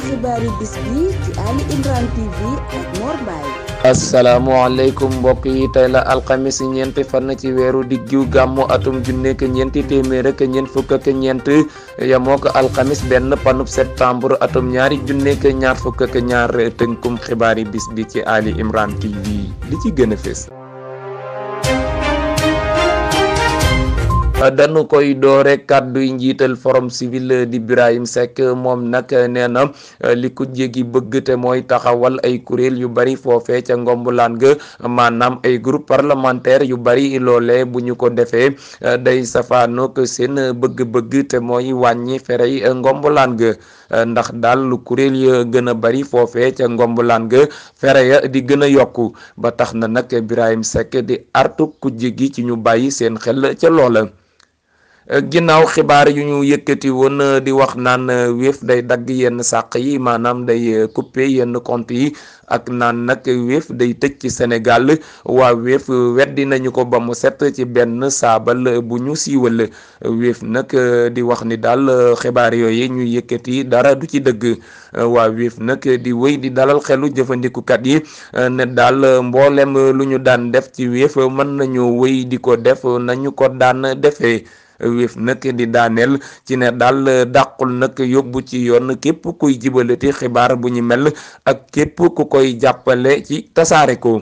seen xibaaru mbokk yi tey la alxamis ñeenti fan ci weeru diggu gàmmu atum junneek ñeenti ñeent fukk ak ñeent alxamis benn panub septembre atum ñaar fukk ak ñaar tënkum xibaari bis bi ci Ali Imran TV li ci gën a dañu koy doore kàdduy njiital forum civil di biraayim Seck moom nag nee na li ku jégi bëgg te mooy taxawal ay kuréel yu bari foofee ca ngombulaan ga maanaam ay groupe parlementaire yu bari loole bu ñu ko defee day safaanook seen bëgg-bëgg te mooy wàññi ferey ngombulaan ga ndax daal lu kuréel ya gën a bari foofee ca ngombulaan ga fere ya di gën a yokku ba tax na nag Birahim Seck di artu kujje gi ci ñu bàyyi seen xel ca loola Eh, ginnaaw xibaar yu ñu yëkkati woon eh, di wax naan eh, wéef day dagg yenn sàq yi maanaam day couper yenn compte yi ak naan nag wéef day tëj ci Sénégal waa wéef weddi nañu ko ba mu set ci benn saabal bu ñu siiwal wéef nag di wax ni daal xibaar yooyu ñu yëkkati dara du ci dëgg waa wéef nag di wéy di dalal xelu jëfandikukat yi ne daal mboolem lu ñu daan def ci wéef mën nañu wéy di ko def nañu ko daan defee wéef nag di daaneel ci ne daal dàqul nag yóbbu ci yoon képp kuy jibalati xibaar bu ñu mel ak képp ku koy jàppale ci tasaare ko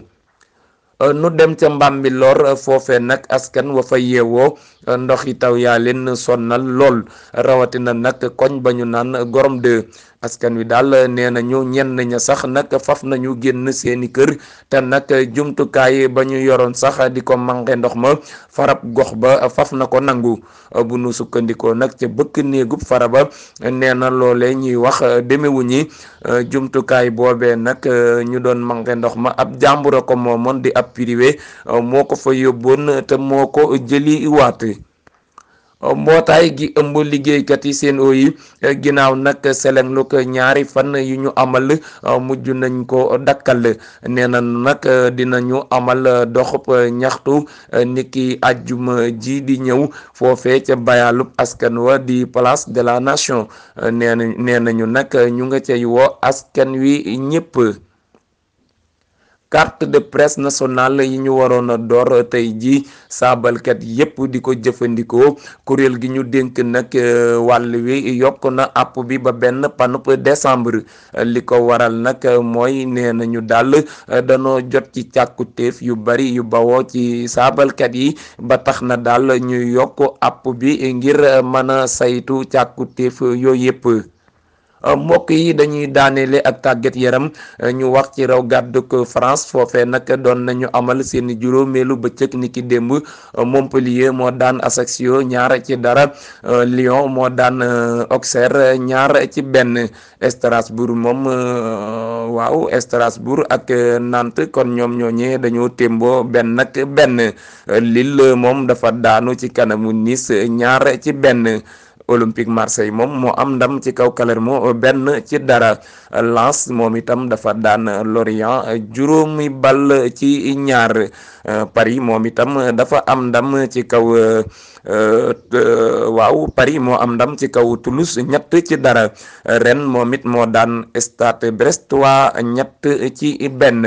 nu dem ca bi Mbambilor foofe nag askan wa fa yeewoo ndox yi taw yaa leen sonnal lool rawatina nag koñ ba ñu naan gorom de askan wi daal nee na ñu ñenn ña sax nag faf nañu génn seeni kër te nag jumtukaay ba ñu yoroon sax di ko mange ndox ma farab gox ba faf na ko nangu bu nu sukkandikoo nag ca bëkk néegub faraba nee na loole ñuy wax demewu ñi jumtukaay boobee nag ñu doon mange ndox ma ab jàmbura ko moomoon di ab privé moo ko fa yóbboon te moo ko jëli waat mbootaay gi ëmb liggéeykat yi seen oo ginnaaw nag selenlu ko ñaari fan yu ñu amal mujj nañ ko dakkal nee na nag dinañu amal doxub ñaxtu niki ajjuma ji di ñëw foofe ca bayaalub askan wa di place de la nation nee na nee nañu nag ñu nga cay woo askan wi ñëpp carte de presse nationale yi ñu waroon a door tey ji saabalkat yépp di ko jëfandikoo kuréel gi ñu dénk nag euh, wàll wi yokk na app bi ba benn panub décembre li ko waral nag mooy nee nañu daal euh, danoo jot ci càkkutéef yu bari yu bawoo ci saabalkat yi ba tax na daal ñu yokk app bi ngir mën a saytu càkkutéef yooyu yépp Euh, mbokk yi dañuy daaneele ak tàggat yaram euh, ñu wax ci raw gàddu ko France foofee nag doon nañu amal seeni juróomeelu bëccëg ni ki démb euh, Montpellier moo daan Ajaccio ñaar ci dara Lyon moo daan Auxerre ñaar ci benn Strasbourg moom waaw Strasbourg ak nant kon ñoom ñooñee dañoo témboo benn nag benn Lille moom dafa daanu ci kanamu nis ñaar ci benn Olympique Marseille moom moo am ndam ci kaw Palermo benn ci dara Lens moom itam dafa daan Lorient juróomi ball ci ñaar Paris moom itam dafa am ndam ci kaw euh, waaw Paris moo am ndam ci kaw Toulouse ñett ci dara ren moom it moo daan Stade Brestois ñett ci benn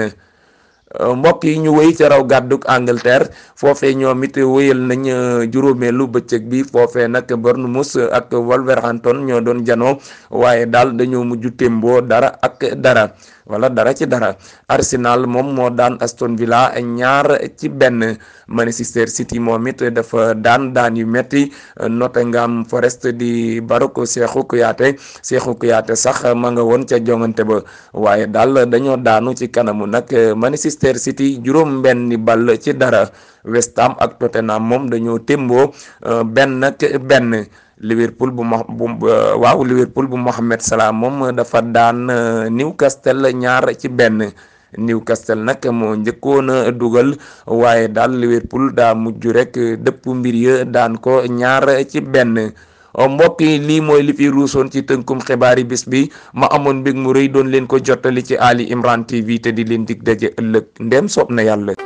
Euh, mbokk yi ñu woy ca raw gàdduk Angleterre foofee ñoom it wéyal nañ euh, juróomeelu bëccëg bi foofee nag Bournemouth ak Wolverhampton ñoo doon janoo waaye daal dañoo mujj témboo dara ak dara wala dara ci dara Arsenal moom moo daan Aston Villa ñaar ci benn Manchester City moom it dafa daan daan yu metti Nottingham Forest di barok Cheikhou Kouyaté Cheikhou Kouyaté sax ma nga woon ca jongante ba waaye daal dañoo daanu ci kanamu nag Manchester City juróom benni ball ci dara West Ham ak Tottenham moom dañoo témboo euh, benn benn Liverpool bu mo bu euh, waaw Liverpool bu Mohamed Salah moom dafa daan euh, Newcastle ñaar ci benn Newcastle nag moo njëkkoon a dugal waaye daal Liverpool daa mujj rek dëpp mbir ya daan ko ñaar ci benn. Oh, mbokk yi lii mooy li fi ruusoon ci tënkum xibaari bis bi ma amoon mbég mu rëy doon leen ko jottali ci Ali Imran TV te di leen dig daje ëllëg ndem soob yàlla.